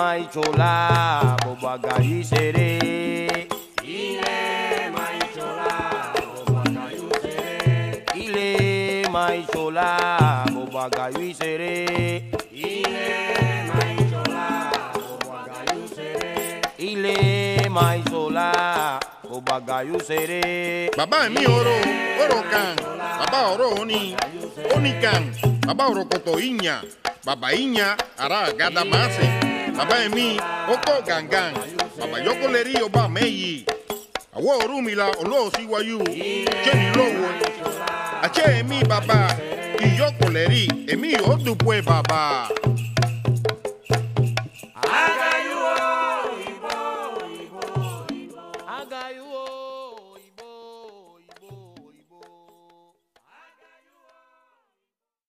maichola bobaga isere ile maichola bobaga isere ile maichola bobaga isere ile maichola bobaga isere ile maichola bobaga isere bàbá mi oro oro kan bàbá oro oni oni kan bàbá oro koto inya bàbá inya ara gada masi. bàbá ẹ̀mí ọkọ̀ gàngàn bàbá yọkọlẹ́rì ọba mẹ́yì àwọ̀ Ọ̀rúnmìlà olóòsì wáyú jẹ́ni lówó àti ẹ̀mí bàbá ìyọkọlẹ́rì Emi ọ̀dùnkún ẹ̀ bàbá. Agayu, Igbo, Igbo, Igbo. Agayu.